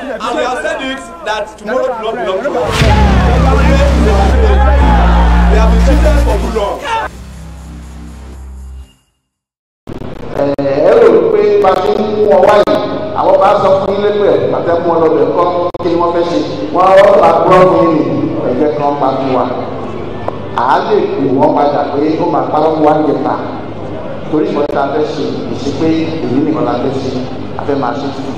And we have said it that tomorrow will belong to us. They have been cheated for too long. ẹ rò pé bá a ṣe ń mú ọ wáyé àwọn bá sọ fún ilé pé àtẹkùn ọlọbẹ kọ kí wọn fẹ́ ṣe wọn ọ̀rọ̀ àgbọràn mi nì ẹgbẹ́ kan pa fún wa àá lè pè wọn padà pé ó máa pa wọn wá nípa torí ìmọ̀ta fẹ́ ṣe ìṣe pé èyí nìkan la fẹ́ ṣe a máa ṣe tuntun.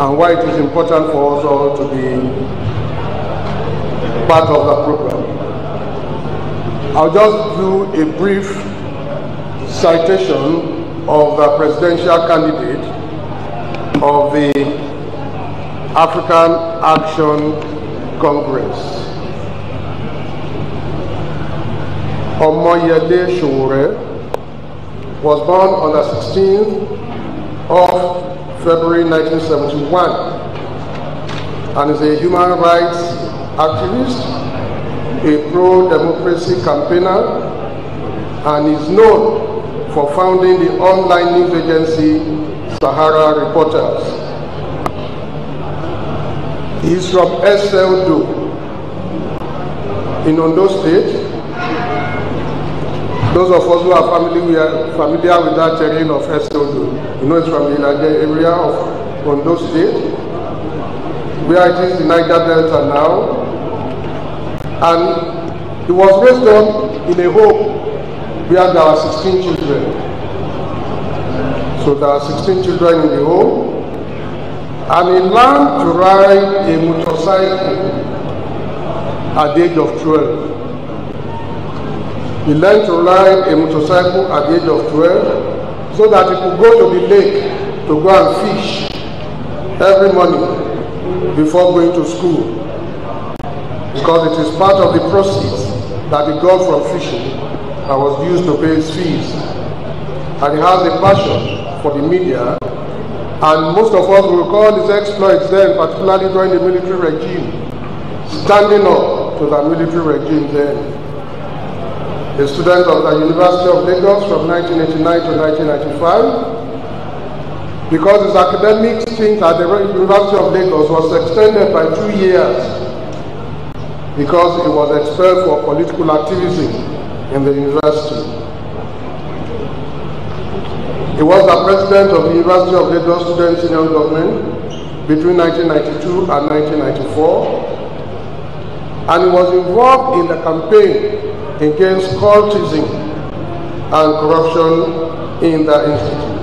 and why it is important for us all to be part of the program. I'll just do a brief citation of the presidential candidate of the African Action Congress. Omoyede Shure was born on the 16th of February 1971, and is a human rights activist, a pro-democracy campaigner, and is known for founding the online news agency Sahara Reporters. He is from SLDO in Ondo State Those of us who are familiar, we are familiar with that terrain of Esodo. You know it's from Ilaje area of Ondo State, where it is the Niger Delta now. And it was raised on in a home where there are 16 children. So there are 16 children in the home. And he learned to ride a motorcycle at the age of 12. He learned to ride a motorcycle at the age of 12 so that he could go to the lake to go and fish every morning before going to school because it is part of the proceeds that he got from fishing that was used to pay his fees. And he has a passion for the media and most of us recall his exploits then, particularly during the military regime, standing up to that military regime then. a student of the University of Lagos from 1989 to 1995. Because his academic stint at the University of Lagos was extended by two years because he was expelled for political activism in the university. He was the president of the University of Lagos Student Union Government between 1992 and 1994 and was involved in the campaign against cultism and corruption in the institute.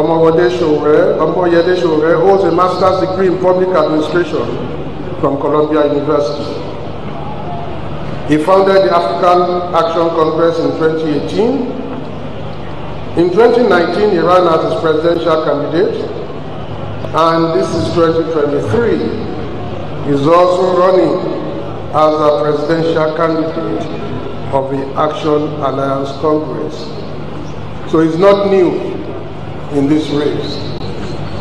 Omowode Showre, Omoyede Showre holds a master's degree in public administration from Columbia University. He founded the African Action Congress in 2018 in 2019, he ran as his presidential candidate, and this is 2023. He's also running as a presidential candidate of the Action Alliance Congress. So it's not new in this race.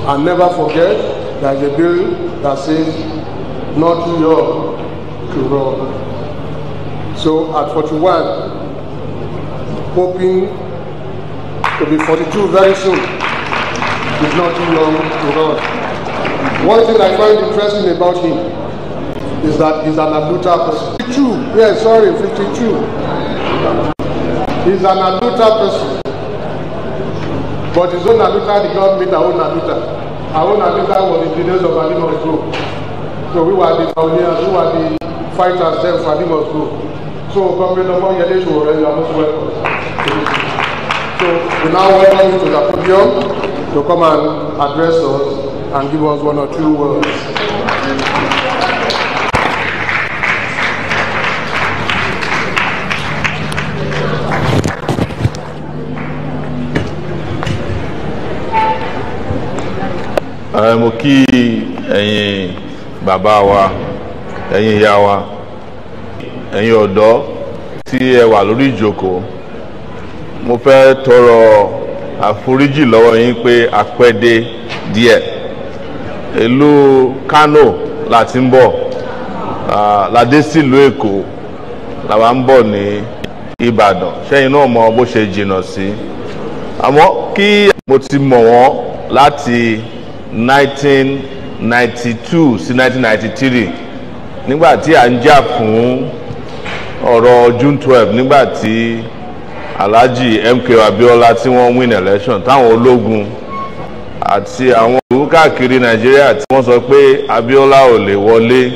And never forget that the bill that says not your to run. So at 41, hoping to be 42 very soon, he's not too long to run. One thing I find interesting about him is that he's an adulterer person. 52, yes, sorry, 52. He's an adulterer person. But his own adulterer did not meet our own adulterer. Our own adulterer was in the days of Animal Group. So we were the pioneers, we were the fighters then for Animal Group. So come Comrade Omoyele Sowore, you are most welcome. So we now welcome you to the podium to come and address us and give us one or two words. ẹ mo kí ẹ̀yin bàbá wa ẹ̀yin ìyá wa ẹ̀yin ọ̀dọ́ tí ẹ wà lórí ìjókòó mo fẹ́ tọrọ àforíjì lọ́wọ́ yín pé apẹ́dé díẹ̀ ìlú Kano láti ń bọ̀ ládé sílùú Èkó làwa ń bọ̀ ní Ìbàdàn sẹ́yìn náà mọ bó ṣe jìnnà sí àmọ́ kí mo ti mọ̀ wọ́n láti. 1992 sí 1993 nígbà tí à ń jà fún ọ̀rọ̀ June 12 nígbà tí Alhaji MKO Abiola tí wọ́n win election táwọn ológun àti àwọn òwú káàkiri Nàìjíríà tí wọ́n sọ pé Abiola ò lè wọlé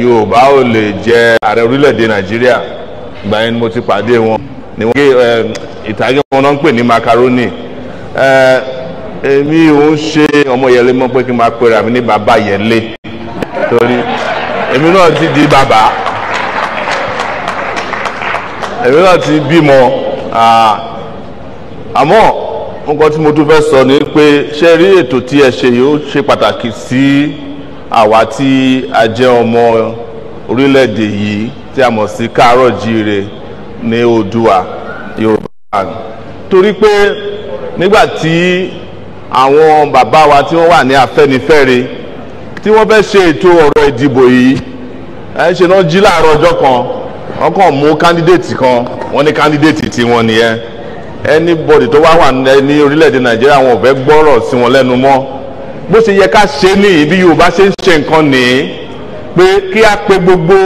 Yorùbá ò lè jẹ ààrẹ orílẹ̀-èdè Nàìjíríà ìgbà yẹn ni mo ti pàdé wọn ni wọ́n ìtàgé wọn náà ń pè ní macaroni. Uh, èmi ò ń ṣe ọmọ yẹlé mọ́ pé kí n máa pera mi ní bàbá yẹlé torí èmi náà ti di bàbá èmi náà ti bímọ àmọ́ nǹkan tí mo tún fẹ́ sọ ni pé ṣé rí ètò tí ẹ ṣe yìí ó ṣe pàtàkì sí àwa tí a jẹ́ ọmọ orílẹ̀-èdè yìí tí a mọ̀ sí káàárọ̀ jíire ní oòdùà yorùbá torí pé nígbà tí àwọn bàbá wa tí wọ́n wà ní Afẹ́nifẹ́re tí wọ́n fẹ́ ṣe ètò ọ̀rọ̀ ìdìbò yìí ẹ ṣe náà jí láàárọ̀ ọjọ́ kan wọ́n kàn mú kándídéètì kan wọ́n ní kándídéètì tiwọn nìyẹn anybody tó wá wà ní orílẹ̀-èdè Nàìjíríà wọn ò fẹ́ gbọ́rọ̀ sí wọn lẹ́nu mọ́ bó ṣe yẹ ká ṣe nìyí bí Yorùbá ṣe ń ṣe nǹkan nìyí pé kí a pe gbogbo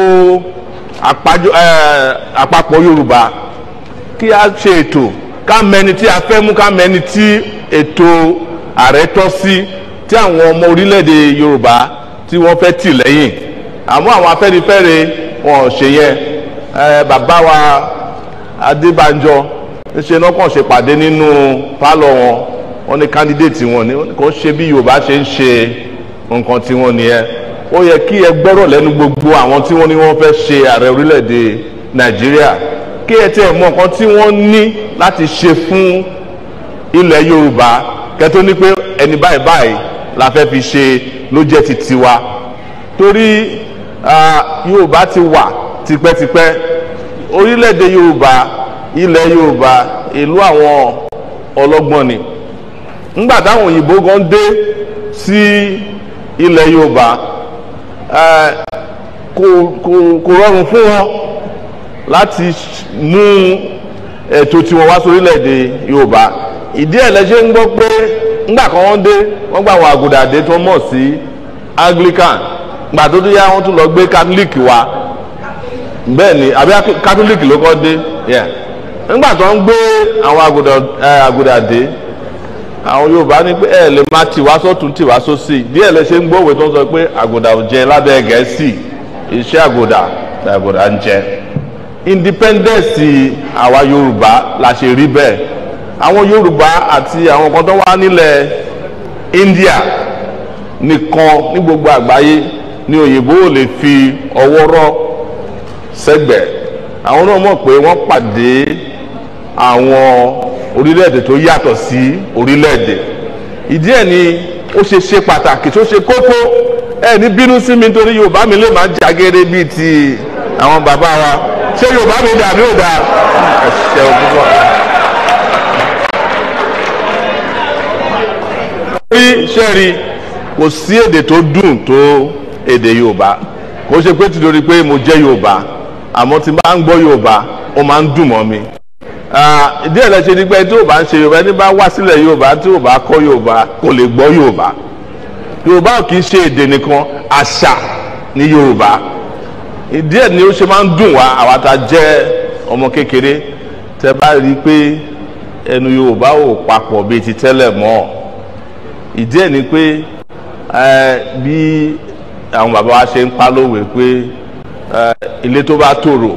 àpapọ̀ Yorùbá kí a ṣe ètò ká mẹni tí a fẹ́ mú ká mẹni tí ètò ààrẹ tọ́ sí tí àwọn ọmọ orílẹ̀-èdè yorùbá tí wọ́n fẹ́ tì lẹ́yìn àmọ́ àwọn afẹ́nifẹ́re wọn ò ṣe yẹn bàbá wa adébánjọ ṣe náà kàn ṣe pàdé nínú pálọ̀ wọn wọn ní kandidéètì wọn ni kò ṣe bí yorùbá ṣe ń ṣe nǹkan tí wọn nìyẹn ó yẹ kí ẹ gbọ́rọ̀ lẹ́nu gbogbo àwọn tí wọ́n ní wọ́n fẹ́ ṣe ààrẹ orílẹ̀-èdè nàìjíríà kí ẹ tiẹ̀ mọ nǹkan tí wọ́n ní láti ṣe fún ilẹ̀ yorùbá kẹtó ní pé ẹni báyìí báyìí la fẹ́ fi ṣe ló jẹ́ ti tiwa torí yorùbá ti wà tipẹ́tipẹ́ orílẹ̀-èdè yorùbá ilẹ̀ yorùbá ìlú àwọn ọlọ́gbọ́n ni ńgbà táwọn òyìnbó gan dé sí ilẹ̀ yorùbá kò rọrùn fún wọn láti mú ètò tiwọn wá sórílẹ̀-èdè yorùbá ìdí ẹ̀ lẹ́sẹ̀ ń gbọ́ pé ńgbà kan wọ́n dé wọ́n gba àwọn àgùdà dé tó mọ̀ sí Anglican gbà tó tó yá wọ́n tún lọ gbé Catholic bẹ́ẹ̀ ni àbí Catholic ló kọ́ dé ńgbà tó ń gbé àwọn àgùdà dé àwọn Yorùbá ní pé ẹ lè má tiwá sọ́tún sósì díẹ̀ ṣe ń gbọ́ òwe tó ń sọ pé àgùdà ò jẹ lábẹ́ Gẹ̀ẹ́sì iṣẹ́ àgùdà àgùdà ń jẹ independence àwa la ṣe rí bẹ́ẹ̀ àwọn Yorùbá àti àwọn kan tó wá nílẹ̀ India nìkan ní gbogbo àgbáyé ni òyìnbó ò lè fi ọwọ́ rọ́ sẹ́gbẹ̀ẹ́ àwọn náà mọ̀ pé wọ́n pàdé àwọn orílẹ̀-èdè tó yàtọ̀ sí orílẹ̀-èdè ìdí ẹ̀ ni ó ṣe ṣe pàtàkì tó ṣe kókó ẹ ní bínú sí mi nítorí Yorùbá mi lè máa jágéré bíi ti àwọn bàbá wa ṣé Yorùbá mi dà ò dáa ẹ ṣe ọdún wa. orí sẹ́ẹ̀rí kò sí èdè tó dùn tó èdè Yorùbá kò ṣe pé tìtorí pé mo jẹ́ Yorùbá àmọ́ tí bá ń gbọ́ Yorùbá ó máa ń dùn mọ́ mi ìdí ẹ̀ lẹ́sẹ̀ nígbà tí Yorùbá ń ṣe Yorùbá ẹni bá wá sílẹ̀ Yorùbá tí Yorùbá kọ́ Yorùbá kò lè gbọ́ Yorùbá Yorùbá kì í ṣe èdè nìkan àṣà ní Yorùbá ìdí ni ó ṣe máa ń dùn wá àwa tá a jẹ́ ọmọ kékeré tẹ bá rí i pé ẹnu Yorùbá ò papọ̀ bíi ti tẹ́lẹ̀ mọ́ ọ ìdí ẹ̀ ni pé bí àwọn bàbá wa ṣe ń pa lówe pé ilé tó bá tòrò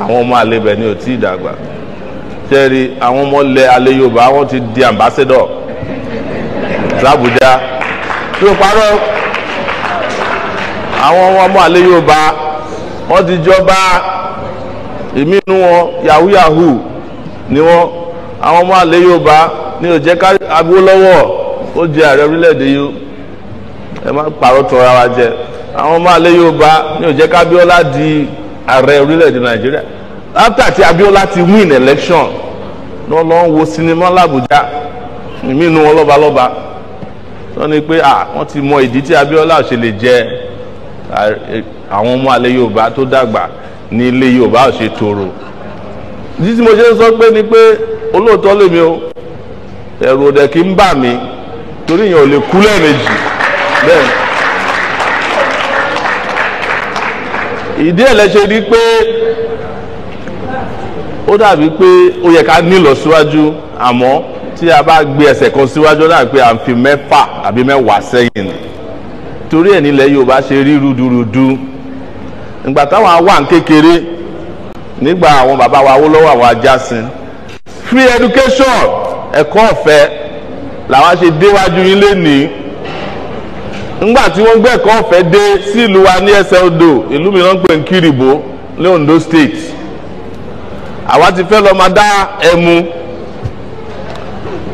àwọn ọmọ àlebẹ̀ ni ò tí ì dàgbà ṣẹ́ẹ̀rí àwọn ọmọ ilẹ̀ alẹ́ Yorùbá wọ́n ti di ambassador l'Abuja tí ó parọ́ àwọn ọmọ àlẹ́ Yorùbá wọ́n ti jọba èmi inú wọn yahoo yahoo ni wọ́n àwọn ọmọ àlẹ́ Yorùbá ni ò jẹ́ ká agbó lọ́wọ́ ó di ààrẹ orílẹ̀-èdè yìí ẹ má parọ́ tún ara wa jẹ àwọn ọmọ alẹ́ yóò bá ní ó kábíọ́lá di ààrẹ orílẹ̀-èdè nàìjíríà after ti abíọ́lá ti win election lọ́ lọ́ ń wo sinimá làbújá ìmínú wọn lọ́balọ́ba wọ́n ní pé wọ́n ti mọ ìdí tí abíọ́lá ṣe lè jẹ àwọn ọmọ alẹ́ yorùbá tó dàgbà ní ilé yorùbá ṣe tòrò ìdí tí mo ṣe ń sọ pé ni pé olóòótọ́ lèmi o ẹ̀rù òdẹ̀ kì í bà mí torí èèyàn ò lè kú lẹ́ẹ̀mejì bẹ́ẹ̀. ìdí ẹ̀ lẹ́sẹ̀ rí pé ó dàbí pé ó yẹ ká nílọ síwájú àmọ́ tí a bá gbé ẹsẹ̀ kan síwájú náà pé à ń fi mẹ́fà àbí mẹ́wàá sẹ́yìn torí ẹ̀ nílẹ̀ Yorùbá ṣe rí rúdurùdu ìgbà táwọn awà ń kékeré nígbà àwọn bàbá wa Awólọ́wọ̀ àwọn Ajásìn free education ẹ̀kọ́ ọ̀fẹ́ làwa ṣe déwájú yín lénìí ńgbà tí wọ́n gbẹ̀kọ́ ọ̀fẹ́ dé sílùú wa ní ẹsẹ̀ odò ìlú mìíràn pè ń Kiribo ní Ondo State àwa ti fẹ́ lọ máa dá ẹmu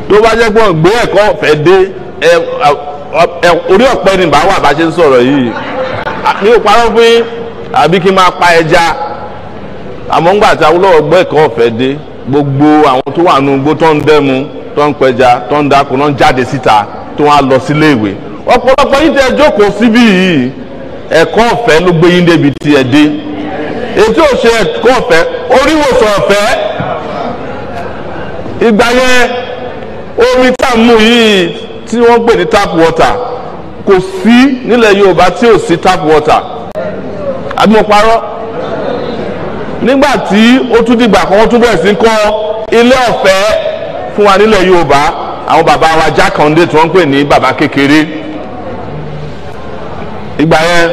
tó bá jẹ́ pọ́n gbé ẹ̀kọ́ ọ̀fẹ́ dé orí ọ̀pẹ ni bá wà bá ṣe ń sọ̀rọ̀ yìí mi ò parọ́ fún yín àbí kí n máa pa ẹja àmọ́ ńgbà tí Awólọ́wọ̀ gbọ́ ẹ̀kọ́ ọ̀fẹ́ dé gbogbo àwọn tó wà nù gbótọ́ ń dẹ́mu tó ń pẹja tó ń dáko náà jáde síta tó wọn á lọ sílé ìwé ọ̀pọ̀lọpọ̀ yìí tẹ́ jókòó síbí yìí ẹ̀kọ́ ọ̀fẹ́ ló gbé yín débi tí ẹ dé ètò òṣè ẹ̀kọ́ ọ̀fẹ́ oríwòsàn ọ̀fẹ́ ìgbà yẹn omi tá a mú yìí tí wọ́n gbé ní tap water kò sí nílẹ̀ Yorùbá tí ò sí tap water àbí mo parọ́ nígbà tí ó tún dìgbà kan wọ́n tún bẹ̀rẹ̀ sí kọ́ ilé ọ̀fẹ́ fún wa nílẹ̀ Yorùbá àwọn bàbá wa jákàndé tí wọ́n ń pè ní bàbá kékeré ìgbà yẹn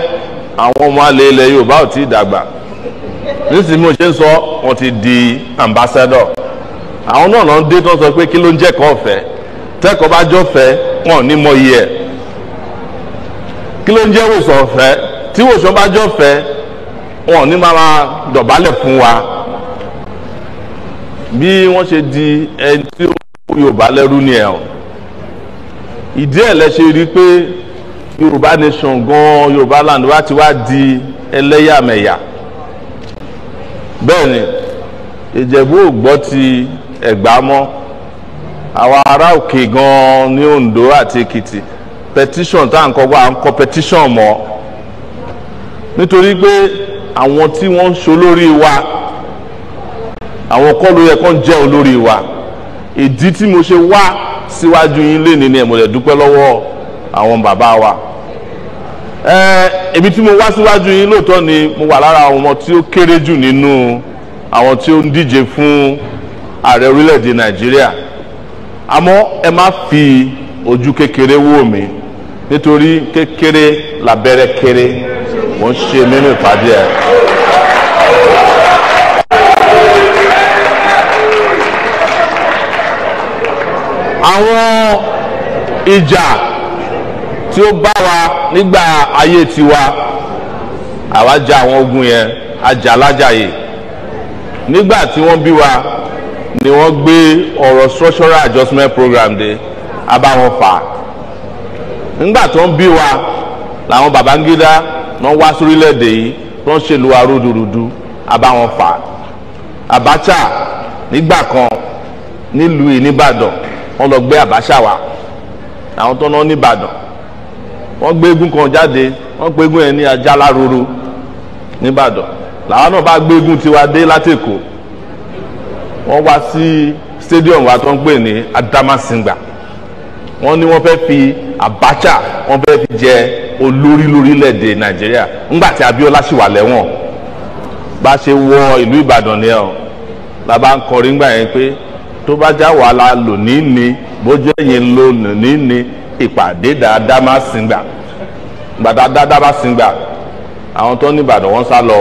àwọn ọmọ alẹ́ ilẹ̀ Yorùbá ò tí ì dàgbà nísìnyí mo ṣe ń sọ wọ́n ti di ambassador àwọn náà lọ ń dé tó ń sọ pé kí ló ń jẹ́kọ̀ọ́ ọ̀fẹ́ tẹ́kọ̀ọ́ bá jọ fẹ́ wọn ò ní mọ iye ẹ̀ kí ló ń jẹ́ wòsàn ọ̀fẹ́ tí wòsàn bá jọ wọn ò ní máa dọ̀bálẹ̀ fún wa bí wọ́n ṣe di ẹni tí ó yorùbá lẹ́rú ni ẹ̀ ọ́n ìdí ẹ̀ lẹ ṣe rí pé yorùbá nation gan yorùbá land wá ti wá di ẹlẹ́yàmẹ̀yà bẹ́ẹ̀ ni ìjẹ̀bú ò gbọ́ ti ẹ̀gbá mọ́ àwọn ará òkè gan ní Ondo àti Èkìtì petition tá à ń kọ́ wá à ń kọ́ petition mọ́ nítorí pé àwọn tí wọ́n ń ṣolórí wa àwọn kọ́ ló yẹ kó ń jẹ́ olórí wa ìdí tí mo ṣe wá síwájú yín lé nínú ẹ̀ mo lè dúpẹ́ lọ́wọ́ àwọn bàbá wa èmi tí mo wá síwájú yín lóòótọ́ ni mo wà lára àwọn ọmọ tí ó kéré jù nínú àwọn tí ó ń díje fún ààrẹ orílẹ̀-èdè nàìjíríà àmọ́ ẹ má fi ojú kékeré wò mí nítorí kékeré làbẹ́rẹ́ kéré wọ́n ṣe nínú ìpàdé ẹ̀. àwọn ìjà tí ó bá wa nígbà ayé tiwa àwa jà àwọn ogun yẹn ajá alájàyè nígbà tí wọ́n bí wa ni wọ́n gbé ọ̀rọ̀ structural adjustment program dé a bá wọn fà á nígbà tó ń bí wa làwọn Babangida náà wá sórílẹ̀-èdè yìí tó ń ṣèlú arúdurùdu a fà Abacha nígbà kan nílùú Ìnìbàdàn wọ́n lọ gbé àbáṣà wá àwọn tó náà nìbàdàn wọ́n gbé eégún kan jáde wọ́n gbé eégún yẹn ní Ajáláròrò nìbàdàn làwọn náà bá gbé eégún tiwa dé látẹ̀kọ́ wọ́n wá sí stadium wa tó ń pè ní Adamasingba wọ́n ní wọ́n fẹ́ fi Abacha wọ́n fẹ́ fi jẹ olórí lórílẹ̀‐èdè Nàìjíríà ńgbà tí Abíọ́lá sì wà lẹ́wọ̀n bá ṣe wọ ìlú Ìbàdàn ni o la bá ń kọrin gbà yẹn pé tó bá já wà la lò níní bójú ẹ̀yìn lò níní ìpàdé dáadáa má sin gbà gbàdá dáadáa má sin gbà àwọn tó ní Ìbàdàn wọn sá lọ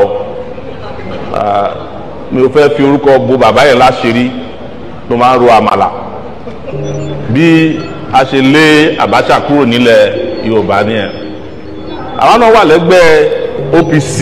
mi ò fẹ́ fi orúkọ bo bàbá yẹn láṣìírí tó máa ń ro àmàlà bí a ṣe lé Abacha kúrò nílẹ̀ Yorùbá nìyẹn àwọn náà wà lẹ́gbẹ́ OPC